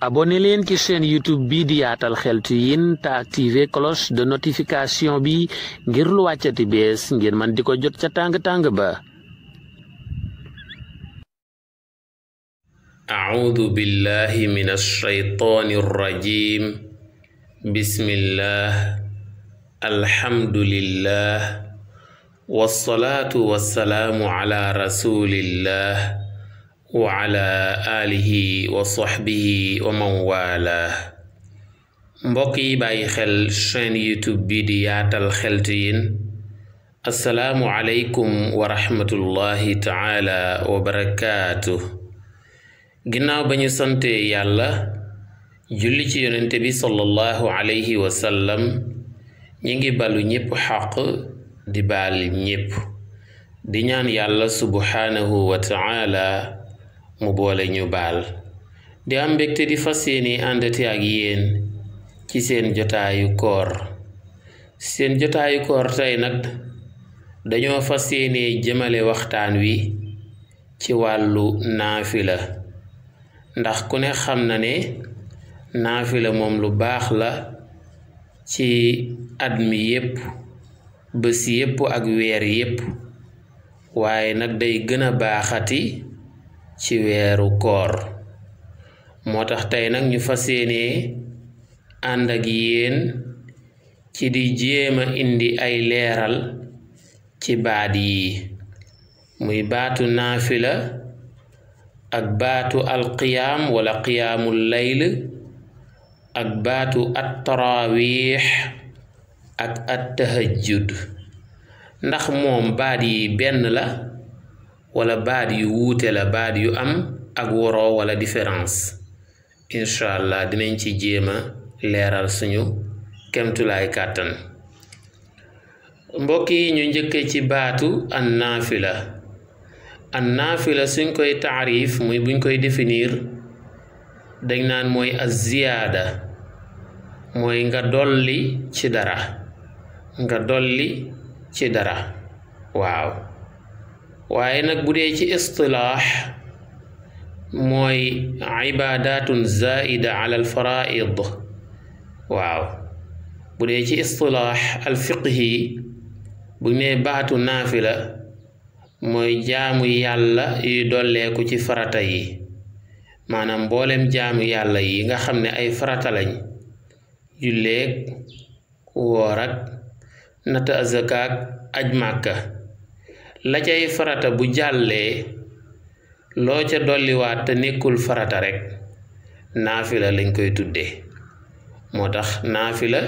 abone leen ci chaîne youtube bi di yaatal xeltu yin te activé cloche de notification bi ngir lu wàccati bees ngir man di ko jot ca tàng-tàng ba audu billahi min alshaytaani arrajim bismillah alhamdulillah wasalaatu wasalaamu ala rasulillah wa ala alihi wa sahbihi wa man wala mbokk yi bàyyi xel chaîne youtube bi di yaatal xeltu yin assalaamu aleykum wa rahmatullahi taala wa barakaatu ginnaaw ba ñu sante yàlla julli ci yonente bi sallallahu alayhi wa sallam ñi ngi balu ñépp xaq di baal ñépp di ñaan yàlla subhaanahu wa taala mu boole ñu baal di am mbégte di fas yéene àndati ak yéen ci seen jotaayu koor seen jotaayu koor tey nag dañoo fas yéene jëmale waxtaan wi ci wàllu naafila ndax ku ne xam na ne naafi la moom lu baax la ci at mi yépp bés yépp ak weer yépp waaye nag day gëna baaxati ci weeru koor moo tax tey nag ñu fa yéene ànd ak yéen ci di jéema indi ay leeral ci baat yi muy baatu naafila ak baatu alqiyaam wala qiyaamul layl ak baatu attaraawiix ak attahajjud ndax moom baat yi benn la wala baat yu wuute la baat yu am ak woro wala différence incha allah dinañ ci jéema leeral suñu kemtulaay kàttan mbokk yi ñu njëkk ci baatu an naafila an naafila suñ koy taarif buñ koy définir dañ naan mooy az ziyaada mooy nga dolli ci dara nga dolli ci dara waaw waaye nag bu dee ci istilaax mooy ibaadaatun zaida ala al faraid waaw bu dee ci istilaax al fiqhi bu nee baatu naafila mooy jaamu yàlla yuy dolleeku ci farata yi maanaam mboolem jaamu yàlla yi nga xam ne ay farata lañ julleeg woor ak nata aj màkka la cay farata bu jàllee loo ca dolliwaat te nekkul farata rekk naafi la lañ koy tudde moo tax naafila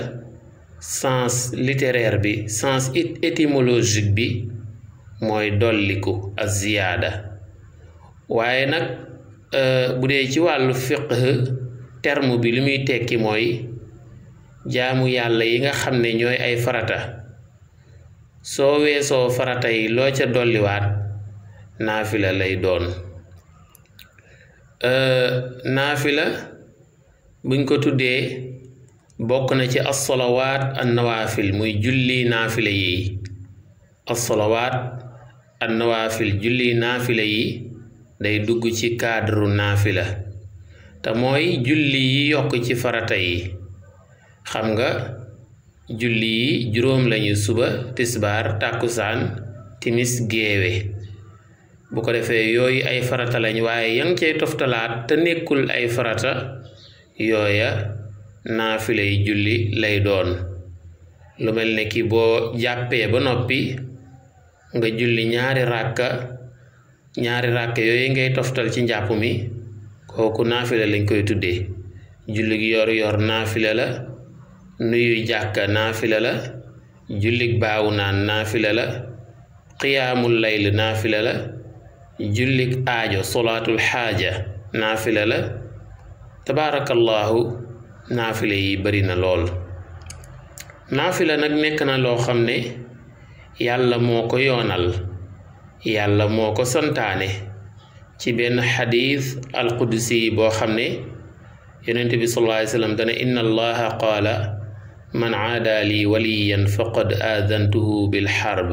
sens littéraire bi sens étymologique bi mooy dolliku ak ziyaada waaye nag euh, bu dee ci wàllu fiqh termo bi li muy tekki mooy jaamu yàlla yi nga xam ne ñooy ay farata soo weesoo farata yi loo ca dolliwaat naafila lay doon la buñ ko tuddee bokk na ci asalawaat an nawaafil muy julli naafila yi asalawaat an nawaafil julli naafila yi day dugg ci cadre naafila te mooy julli yi yokk ci farata yi xam nga julli yi juróom lañu suba tisbaar tàkkusaan timis géewe bu ko defee yooyu ay farata lañ waaye yang cey toftalaat te nekkul ay farata yooya naafilay julli lay doon lu mel ne ki boo jàppee ba noppi nga julli ñaari ràkka ñaari ràkk yooyu ngay toftal ci njàpp mi kooku naafila lañ koy tuddee julli gi yor yor naafila la nuyuy jàkka naafila la jullik baawu naan naafila la qiyaamul layl naafila la jullik aajo solaatul xaaja naafila la tabaarakallaahu naafila yi bari na lool naafila nag nekk na loo xam ne yàlla moo ko yoonal yàlla moo ko santaane ci benn xadiis alqudusi boo xam ne yonent bi sallallaahu alayhi wa dana inna allaha qaala man caada lii waliyan faqad aadantuhu bilxarb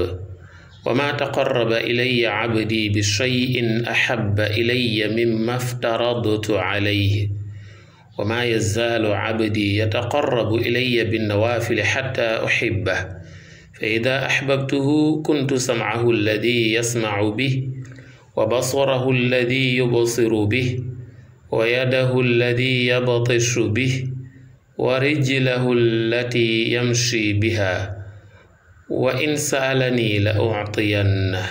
wa maa taqarraba ilaya cabdii bishayin axabba ilaya mimma aftaradtu calayh wa maa yazaalu cabdii yataqarrabu ilaya binnawaafili xatta uxibbah fa idaa axbabtuhu kuntu samcahu alladii yasmacu bih wa basarahu alladii yubsiru bih wa yadahu alladii yabtishu bih wa rijlahu allati yamshi biha wa in saalani la uctiyanna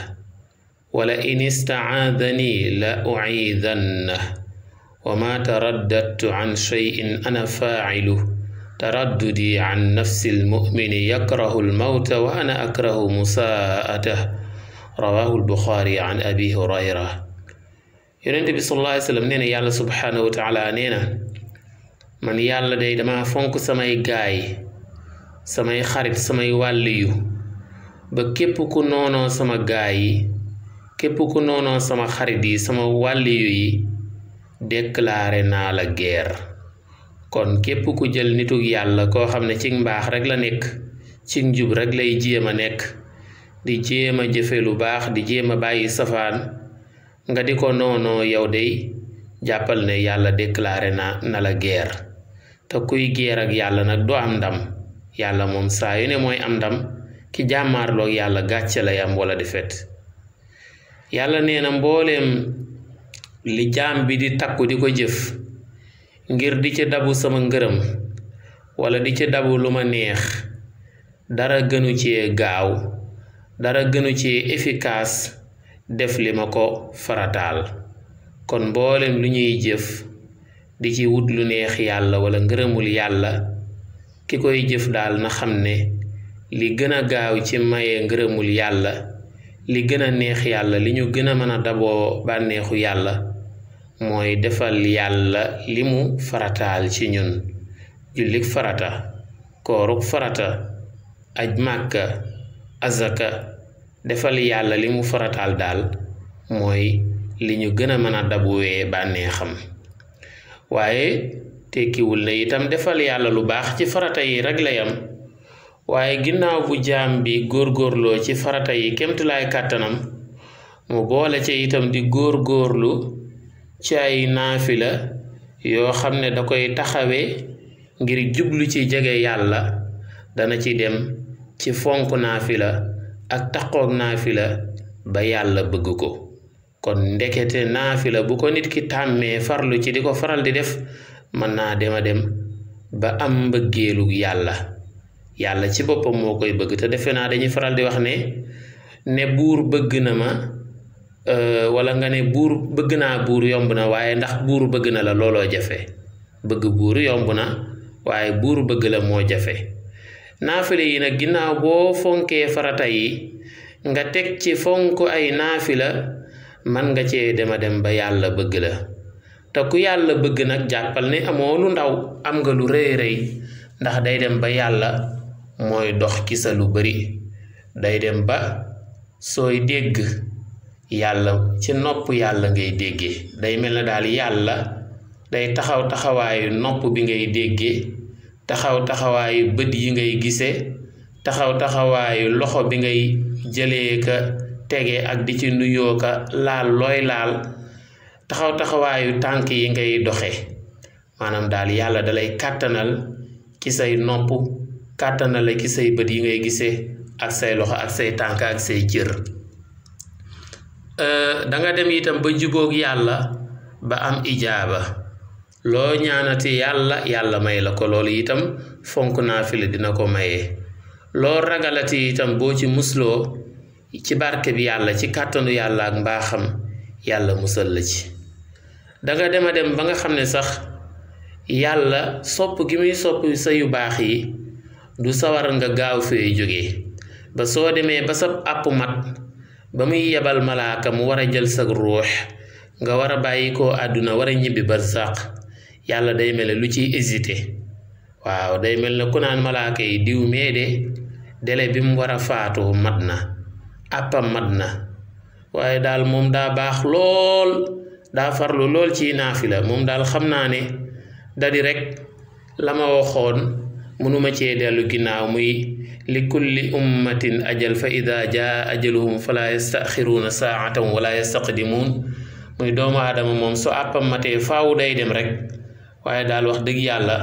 wa la in istacaadani la uciidanna wa ma taraddadtu can shayin ana faacilu taraddudi can nafsi almumini yakrahu almawta wa ana akrahu musaa'atah rawahu albuxaari can abi hurayra yonente bi sallallahu alayhi wa sallam nee na yàlla subhaanahu wa taala nee na man yàlla day dama fonk samay gaay samay xarit samay wàlliyu ba képp ku noonoo sama gaay képp ku noonoo sama xarit yi sama wàlliyu yi déclaré naa la guerre kon képp ku jël nituk yàlla koo xam ne ci mbaax rek la nekk ci njub rek lay jéem a nekk di jéem a jëfe lu baax di jéem a bàyyi safaan nga di ko noonoo yow day jàppal ne yàlla déclaré na na la guerre te kuy géer ak yàlla nag du am ndam yàlla moom saa yu ne mooy am ndam ki jàmmaarloog yàlla gàcce la yam wala defet yàlla nee na mbooleem li jaam bi di takku di ko jëf ngir di ci dabu sama ngërëm wala di ci dabu lu ma neex dara gënu ci gaaw dara gënu ci efficace def li ma ko farataal kon mboolem lu ñuy jëf di ci wut lu neex yàlla wala ngërëmul yàlla ki koy jëf daal na xam ne li gën a gaaw ci maye ngërëmul yàlla li gën a neex yàlla li ñu gën a mën a daboo bànneexu yàlla mooy defal yàlla li mu farataal ci ñun jullik farata kooruk farata aj màkka azaka defal yàlla li mu farataal daal mooy li ñu gën a mën a dabuwee bànneexam waaye tekkiwul na itam defal yàlla lu baax ci farata yi rekk la yam waaye ginnaaw bu jaam bi góorloo ci farata yi kemtulaay kàttanam mu boole ca itam di góor góorlu ci ay naafila yoo xam ne da koy taxawe ngir jublu ci jege yàlla dana ci dem ci fonk naafila ak taqoog la ba yàlla bëgg ko kon ndekete naafila bu ko nit ki tàmmee farlu ci di ko faral di def mën naa dem a dem ba am mbëggeelu yàlla yàlla ci boppam moo koy bëgg te defe naa dañuy faral di wax ne ne buur bëgg na ma euh, walla nga ne buur bëgg naa buur yomb na waaye ndax buur bëgg na la looloo jafe bëgg buur yomb na waaye buur bëgg la moo jafe naafila yi nag ginnaaw boo fonkee farata yi nga teg ci fonk ay naafila man nga cee dema dem ba yàlla bëgg la te ku yàlla bëgg nag jàppal ne amoo lu ndaw am nga lu rëy rëy ndax day dem ba yàlla mooy dox ci sa lu bari day dem ba sooy dégg yàlla ci nopp yàlla ngay déggee day mel na daal yàlla day taxaw taxawaayu nopp bi ngay déggee taxaw taxawaayu bët yi ngay gise taxaw taxawaayu loxo bi ngay jële ka tege ak di ci nuyoo ka laal looy laal taxaw taxawaayu tànk yi ngay doxe maanaam daal yàlla dalay kàttanal ci say nopp kàttanal la say bët yi ngay gise ak say loxo ak say tànk ak say cër euh, danga dem itam ba jubóog yàlla ba am ijaaba loo ñaanati yàlla yàlla may la ko loolu itam fonk naa fi la dina ko maye loo ragalati itam boo ci musloo ci barke bi yàlla ci kàttanu yàlla ak mbaaxam yàlla musal la ci danga dem a dem ba nga xam ne sax yàlla sopp gi muy sopp sa yu baax yi du sawar nga gaaw fee jógee ba soo demee ba sa àpp mat ba muy yebal malaaka mu war a jël sag ruux nga war a bàyyi koo àdduna war a ba barsàq yàlla day mel ne lu ci hésité waaw day mel ne ku naan malaaka yi diw mee de délai bi mu war a mat na àppam mat na waaye daal moom daa baax lool daa farlu lool ci naafila moom daal xam naa ne dadi rekk la ma waxoon mënuma cee dellu ginnaaw muy li kulli ummatin ajal fa ida jaa ajaluhum fala yastaxiruuna saatan wala yastaqdimuun muy doomu aadama moom su àppam matee faawu day dem rek waaye daal wax dëgg yàlla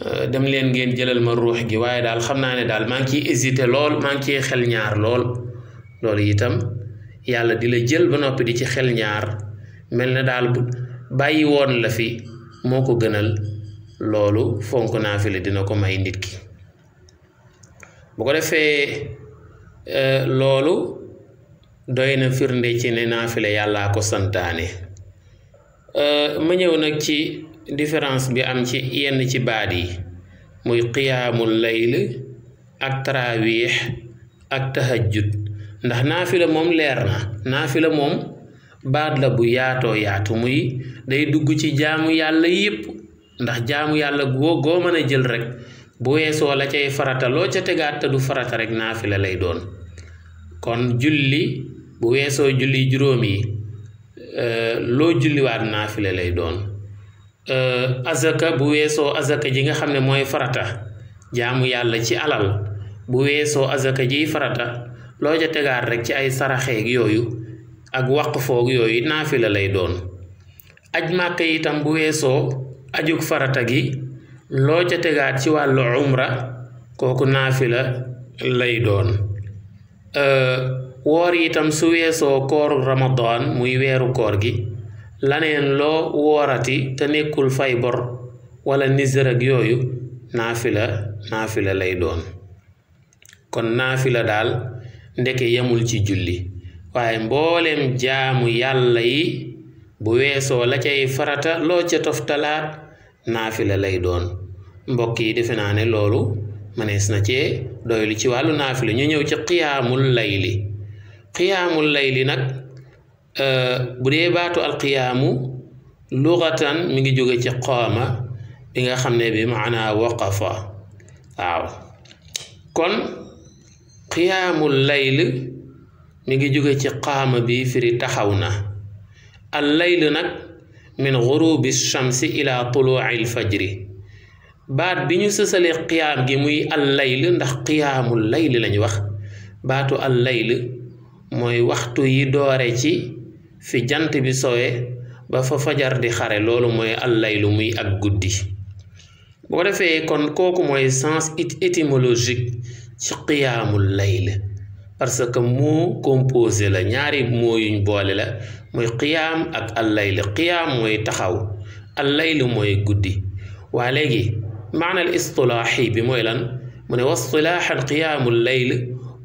euh, dem leen ngeen jëlal ma ruux gi waaye daal xam naa ne daal maa ngi ciy hésité lool maa ngi ciy xel ñaar lool loolu itam yàlla di la jël ba noppi di ci xel ñaar mel na daal bu bàyyi woon la fi moo ko gënal loolu fonk naa dina ko may nit ki bu ko defee euh, loolu doy na firnde ci ne naafile yàllaa ko santaane euh, ma ñëw nag ci différence bi am ci yenn ci baat yi muy qiyaamul layl ak taraawiix ak tahajjud ndax naafila moom leer na naafila moom baat la bu yaatoo yaatu muy day dugg ci jaamu yàlla yépp ndax jaamu yàlla goo goo mën a jël rek bu weesoo la cay farata loo ca tegaat te du farata rek naafila lay doon kon julli bu weesoo julli juróom yi euh, loo julliwaat naafila lay doon euh, azaka bu weesoo azaka ji nga xam ne mooy farata jaamu yàlla ci alal bu weesoo azaka jiy farata loo ca tegaat rekk ci ay saraxeeg yooyu ak waq foog yooyu naafila lay doon aj màkk yitam bu weesoo ajug farata gi loo ca tegaat ci wàllu umra kooku naafila lay doon woor itam su weesoo kooru ramadan muy weeru koor gi laneen loo woorati te nekkul fay bor wala nisër ak yooyu naafila naafila lay doon kon naafila daal ndeke yamul ci julli waaye mboolem jaamu yàlla yi bu weesoo la cay farata loo ca toftalaat naafila lay doon mbokk yi defe naa ne loolu mënees na cee doylu ci wàllu naafila ñu ñëw ci qiyaamul layli qiyaamul layli nag euh, bu dee baatu alqiyaamu luxatan mi ngi jóge ci xooma bi nga xam ne bi maanaa waqafa waaw kon qiyaamul layl mi ngi jóge ci xaama bi firi taxaw na alayl layl nag min gurubi shamsi ila tuluucil fajri baat bi ñu sësalee qiyaam gi muy al ndax qiyaamul layl lañu wax baatu al layl mooy waxtu yi doore ci fi jant bi sowe ba fa fajar di xare loolu mooy al muy ak guddi boo defee kon kooku mooy sens étymologique ci qiyaamul layl parce que mu composé la ñaari moo boole la mooy qiyaam ak allayl qiyaam mooy taxaw allayl mooy guddi waa léegi maanaal istilaaxi bi mooy lan mu ne wastilaaxan qiyaamu layl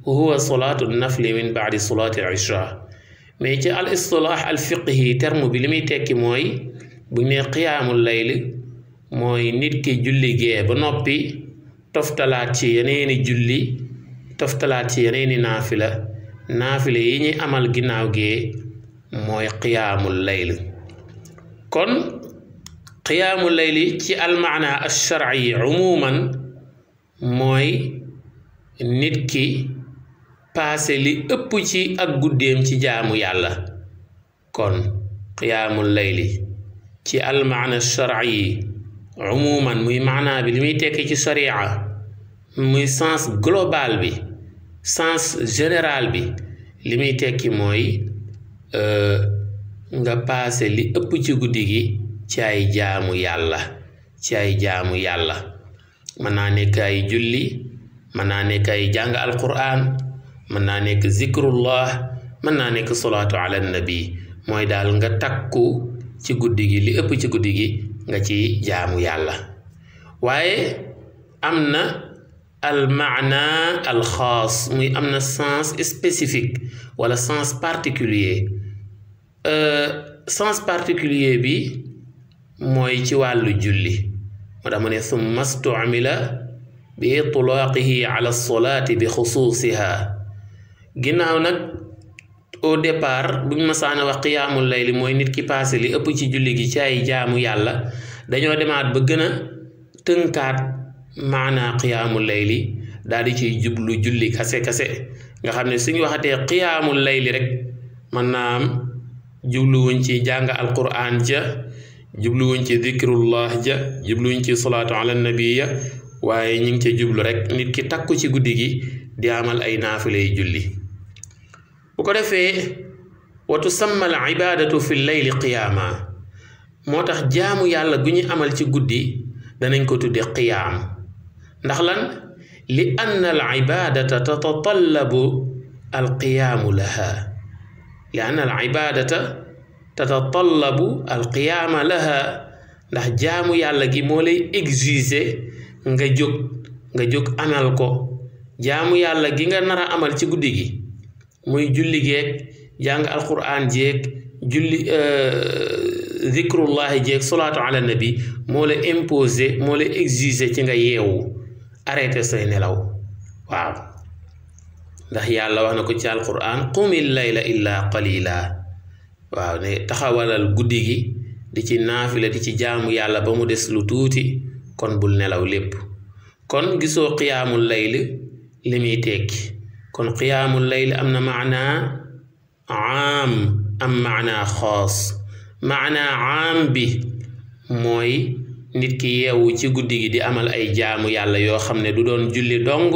huwa solaatu nafli min baadi solaati isha mais ci al istilaax al bi li muy tekki mooy bu ñu nee qiyaamu layl mooy nit ki julli gee ba noppi toftalaat ci yeneeni julli toftalaat ci yeneeni naafila naafila yi ñuy amal ginnaaw gee mooy qiyaamul layl kon qiyaamu layli ci almaana alsharci umuman mooy nit ki paase li ëpp ci ak guddeem ci jaamu yàlla kon qiyaamul layli ci almaana alsharci umuman muy maanaa bi li muy tekki ci sharia muy sens global bi sens général bi li muy tekki mooy euh, nga paase li ëpp ci guddi gi ci ay jaamu yàlla ci ay jaamu yàlla mën naa nekk ay julli mën naa nekk ay jàng alquran mën naa nekk zikrullah mën naa nekk salaatu ala nabi mooy daal nga takku ci guddi gi li ëpp ci guddi gi nga ci jaamu yàlla waaye am na al maana al xaas muy am na sens spécifique wala sens particulier euh, sens particulier bi mooy ci wàllu julli moo tax mu ne summa stuamila bi itlaaqihi ala solaati bi xusuusiha ginnaaw nag au départ bu ñu masaana wax qiyaamul layli mooy nit ki paase li ëpp ci julli gi ci ay jaamu yàlla dañoo demaat ba gën a tënkaat maanaa qiyaamu layli daal di ciy jublu julli kase kase nga xam ne suñu waxatee qiyaamu layli rek mën naa am jubluwuñ ci jàng alquran ja jubluwuñ ci dikrullah ja jubluwuñ ci salaatu ala nabiya waaye ñu ngi ca jublu rek nit ki takku ci guddi gi di amal ay naafile yu julli bu ko defee wa tusamma al ibaadatu fi layli qiyaama moo tax jaamu yàlla gu ñu amal ci guddi danañ ko tudde qiyaam ndax lan li anna al ibadata tatatallabu al qiyaamu laha li anna al ibadata tatatallabu al qiyaama laha ndax jaamu yàlla gi moo lay exiger nga jóg nga jóg amal ko jaamu yàlla gi nga nar a amal ci guddi gi muy julli geeg jàng alquran jeeg julli euh, zikrullahi jeeg solaatu ala nabi moo la imposer moo la exiger ci nga yeewu arrêté say nelaw waaw ndax yàlla wax na ko ci alquran qumil layla illa qalila waaw ne taxawalal guddi gi di ci naafila di ci jaamu yàlla ba mu des lu tuuti kon bul nelaw lépp kon gisoo qiyaamul layl li tekki kon qiyaamul layl am na maanaa aam am maanaa xaas maanaa aam bi mooy nit ki yeewu ci guddi gi di amal ay jaamu yàlla yoo xam ne du doon julli dong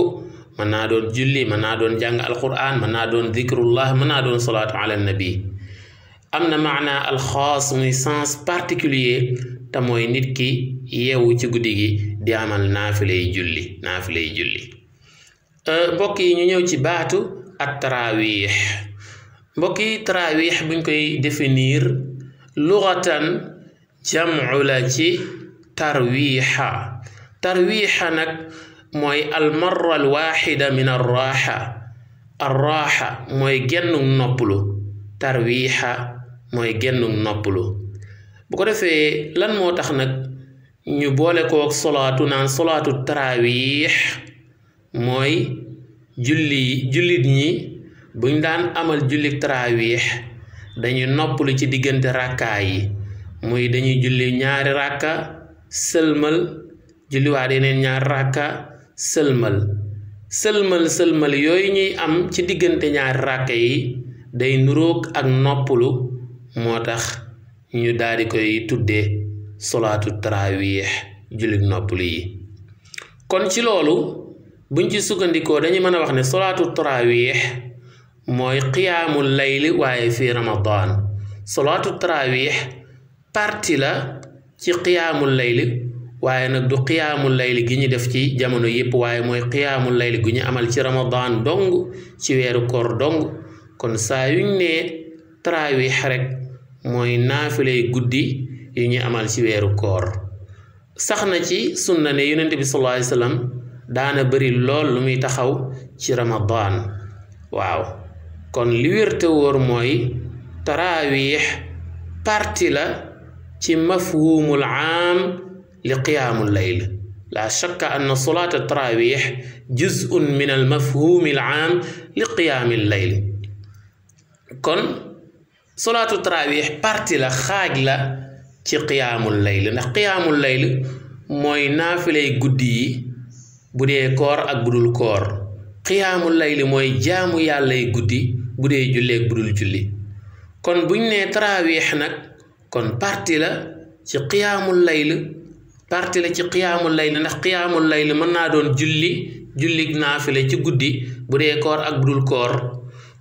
mën naa doon julli mën naa doon jàng alquran mën naa doon dikrullah mën naa doon salaatu ala nabi am na maana alxaas muy sens particulier te mooy nit ki yeewu ci guddi gi di amal naafilay julli naafilay julli euh, mbokk yi ñu ñëw ci baatu at taraawix mbokk yi taraawix buñ koy définir luxatan jamcu la ci tarwiixa tarwiixa nag mooy almarra alwaxida min arraxa arraxa mooy gennug noppalu mooy gennug noppalu bu ko defee lan moo tax nag ñu boole kook solaatu naan solaatu taraawiix mooy julli jullit ñi buñ daan amal julli taraawiix dañuy noppalu ci diggante ràkkaa yi muy dañuy julli ñaari ràkka sëlmal julliwaat yeneen ñaar ràkka sëlmal sëlmal sëlmal yooyu ñuy am ci diggante ñaar ràkka yi day nuroog ak noppalu moo tax ñu daldi koy tudde solaatu taraawiix jullit noppalu yi kon ci loolu buñ ci sukkandikoo dañu mën a wax ne solaatu taraawiix mooy qiyaamul layli waaye fi ramadaan solaatu taraawiix parti la ci qiyaamul layli waaye nag du qiyaamul layli gi ñu def ci jamono yépp waaye mooy qiyaamul layli gu ñu amal ci ramadaan dong ci weeru koor dong kon saa yuñ ne taraawix rek mooy naafilay guddi yu ñu amal ci weeru koor sax na ci sunna ne yonent bi sallallahu alayhi wasallam daana bari lool lu muy taxaw ci ramadaan waaw kon li wér mooy taraawix parti la ci mafhumul aam li qiyaamul layl laa shakka anna solaata taraawix juzun min al mafhumil aam li qiyaamil layl kon solaatu taraawix parti la xaaj la ci qiyaamul layl ndax qiyaamul layl mooy naafilay guddi yi bu dee koor ak budul koor qiyaamul layli mooy jaamu yàllay guddi bu dee julleeg budul julli kon buñ nee taraawix nag kon parti la ci qiyaamul layl parti la ci qiyaamul layl ndax qiyaamul layl mën naa doon julli julli naafile ci guddi bu dee koor ak bu dul koor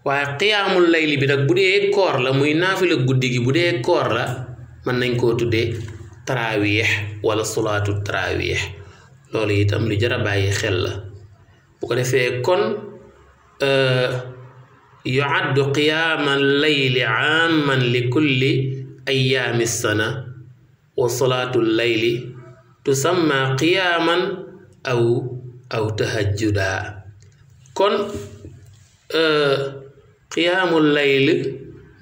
waaye qiyaamul layli bi nag bu dee koor la muy naafile guddi gi bu dee koor la mën nañ koo tuddee taraawiix wala sulaatu taraawiix loolu itam lu jar a bàyyi xel la bu ko defee kon euh, yuaddu qiyaamal layli aaman li kulli ayaami sana wa salaatu layli tusamma qiyaaman aw aw tahajjuda kon qiyaamul layl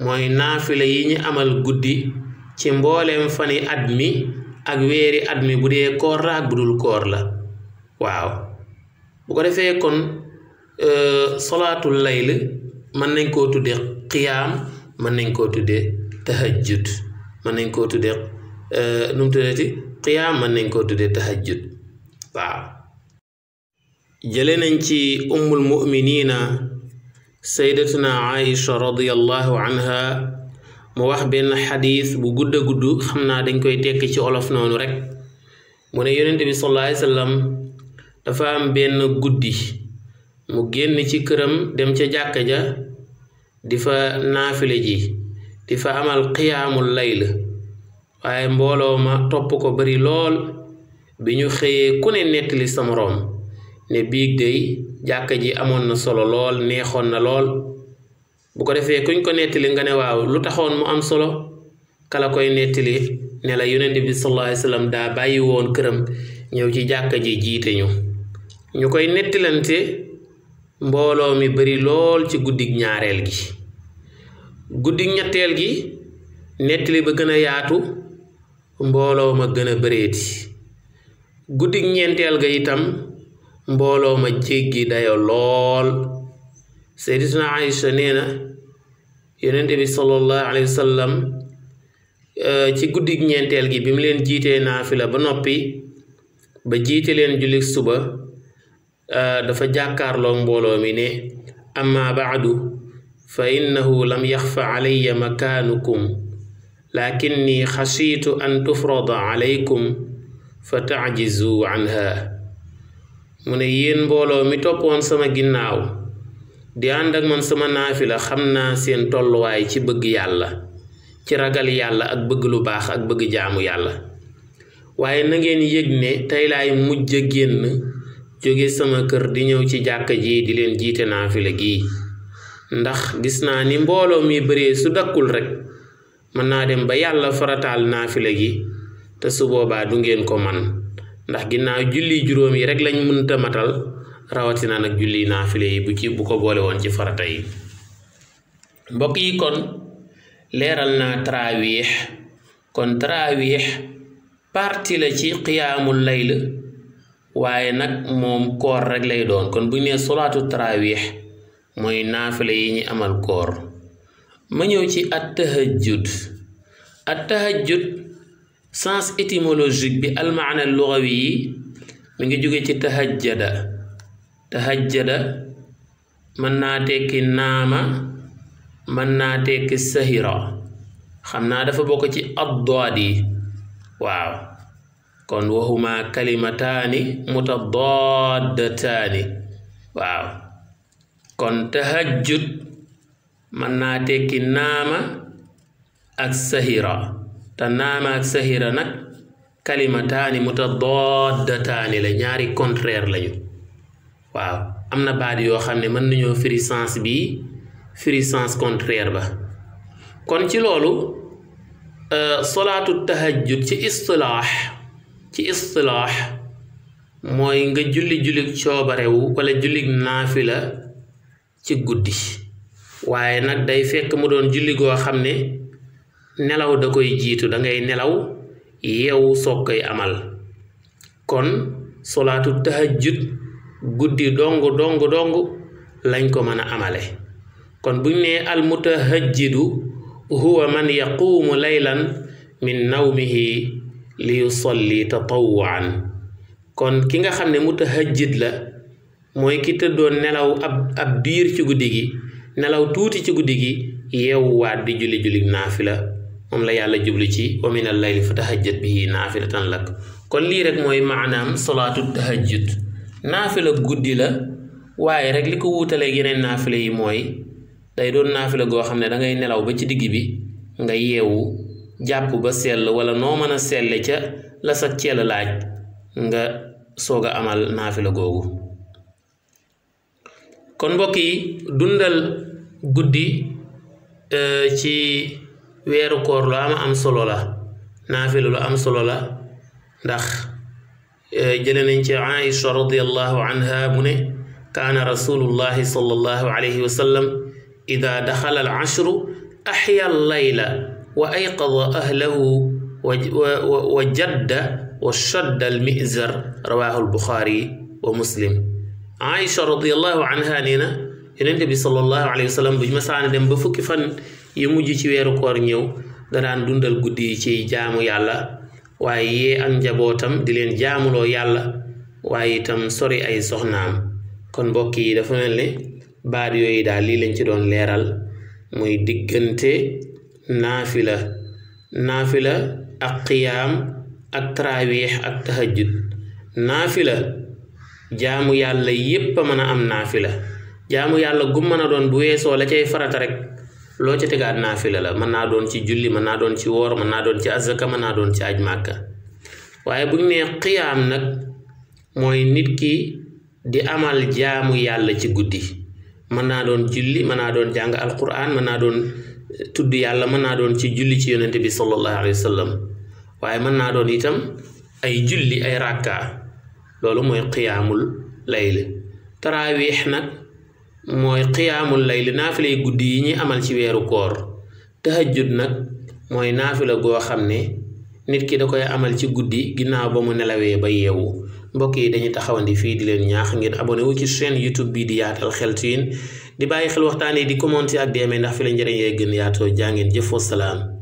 mooy naafila yi ñu amal guddi ci mboolem fani at mi ak weeri at mi bu dee koor la ak bu dul koor la waaw bu ko defee kon salaatul layl mën nañ koo tudde qiyaam mën nañ koo tudde tahajjud mën nañ koo tuddee eh, nu mu qiyaam mën nañ koo tuddee tahajjud waaw jële nañ ci ummul muminina saydatuna aisha radiallahu anha mu wax benn xadis bu gudd a gudd xam naa dañ koy tekk ci olof noonu rek mu ne yonent bi sallallahu dafa am benn guddi mu génn ci këram dem ca jàkka ja di fa naafile ji di fa amal lay la waaye mbooloo ma topp ko bari lool bi ñu xëyee ku ne nettali sa moroom ne biig day jàkka ji amoon na solo lool neexoon na lool bu ko defee kuñ ko nettali nga ne waaw lu taxoon mu am solo kala koy nettali ne la yonent bi sallallahu alayhi daa bàyyi woon këram ñëw ci jàkka ji jiite ñu ñu koy nettilante mbooloo mi bari lool ci guddi ñaareel gi guddi ñetteel gi nettali ba gën a yaatu mbooloo ma gën a bëreeti guddi ñeenteel ga itam mbooloo ma jéggi dayo lool sayyidatuna Aïcha nee na yonente bi sallallahu alayhi wa euh, ci guddi ñeenteel gi bi mu leen jiitee naafila ba noppi ba jiite leen julli suba euh, dafa jàkkaarloo mbooloo mi ne amma baadu fa innahu lam yaxfa calaya makaanukum lakinni xashiitu an tufrada calaykum fa tacjizuu canha mu ne yéen mbooloo mi toppoon sama ginnaaw di ànd ak man sama naafila xam naa seen tolluwaay ci bëgg yàlla ci ragal yàlla ak bëgg lu baax ak bëgg jaamu yàlla waaye na ngeen yëg ne tey laay mujj a génn jóge sama kër di ñëw ci jàkka ji di leen jiite naafila gii ndax gis naa ni mbooloo mi bëree su dakkul rekk mën naa dem ba yàlla farataal naafila gi te su boobaa du ngeen ko man ndax ginnaaw julli juróom yi rekk lañ mënta matal rawatina nag julli naafila yi bu ci bu ko boole woon ci farata yi mbokk yi kon leeral naa taraawiix kon taraawiix parti la ci qiyaamul layl waaye nag moom koor rekk lay doon kon bu ñu nee solaatu taraawiix mooy naafale yi ñu amal koor ma ñëw ci at tahajjud at tahajjud sens étymologique bi almaana lugawi yi mu ngi jóge ci tahajjada tahajjada mën naa tekki naama mën naa tekki sahira xam naa dafa bokk ci addaad yi waaw kon wahuma kalimataani mutadaadataani waaw kon tahajjud mën naa tekki naama ak sahira te naama ak sahira nag kalimataani mutadaaddataani la ñaari contraire lañu waaw am na baat yoo xam ne mën nañoo firi sens bii firi sens contraire ba kon ci loolu euh, solaatu tahajjud ci istilaax ci istilaax mooy nga julli jullik coobarewu wala jullik naafila ci guddi waaye nag day fekk mu doon julli goo xam ne nelaw da koy jiitu dangay nelaw yeewu soog koy amal kon solaatu tahajjud guddi dong dong dong lañ ko mën a amale kon buñ nee almutahajjidu huwa man yaquumu laylan min nawmihi sol yusalli tatawwaan kon ki nga xam ne mutahajjid la mooy kii tëddoon nelaw ab ab diir ci guddi gi nelaw tuuti ci guddi gi yeewuwaat di julli julli la moom la yàlla jublu ci wa min al-layli fa tahajjat bihi naafilatan lak kon lii rek mooy maanaam salaatu tahajjud naafila guddi la waaye rek li ko wuutaleeg yeneen naafila yi mooy day doon la goo xam ne dangay nelaw ba ci digg bi nga yeewu jàpp ba sell wala noo mën a selle ca la sa ceel laaj nga soog a amal naafi la googu kon mbokk yi dundal guddi euh, ci weeru koor lu am am solo la naafilu lu am solo la ndax euh, jële nañ ci aïcha radiallahu anha mu ne kaana rasulullahi sallallahu alayhi wa sallam ida daxala al ashru axya al layla wa ayqada ahlahu wa jadda wa shadda al mizar rawahu al buxaari wa muslim Aïcha radiallahu anha nee na yonente bi sallallahu alayhi wa sallam bu dem ba fukki fan yi mujj ci weeru koor ñëw danaan dundal guddi ci jaamu yàlla waaye njabootam di leen jaamuloo yàlla waaye itam sori ay soxnaam kon mbokk yi dafa mel ne baat yooyu daal lii lañ ci doon leeral muy diggante naafila naafila ak qiyaam ak taraawiix ak tahajjud naafila jaamu yàlla yépp a mën a am naafila jaamu yàlla gum mën a doon bu weesoo la cay farata rek loo ca tegaat naafila la mën naa doon ci julli mën naa doon ci woor mën naa doon ci azaka mën naa doon ci aj màkka waaye bu ñu nee xiyaam nag mooy nit ki di amal jaamu yàlla ci guddi mën naa doon julli mën naa doon jàng alquran mën naa doon eh, tudd yàlla mën naa doon ci julli ci yonente bi sallallahu alayhi wa waaye mën naa doon itam ay julli ay rakka loolu mooy qiyaamul layli taraawiix nag mooy qiyaamul layli naafilay guddi yi ñuy amal ci weeru koor jut nag mooy naafila goo xam ne nit ki da koy amal ci guddi ginnaaw ba mu nelawee ba yeewu mbokk yi dañu taxawandi fii di leen ñaax ngeen abonné wu ci chaîne YouTube bii di yaatal xeltuyin di bàyyi xel waxtaan yi di commenter ak di aimer ndax fi la njëriñ yee gën yaatoo jaa ngeen jëf wa